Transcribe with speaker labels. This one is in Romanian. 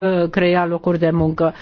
Speaker 1: Uh, crea locuri de muncă.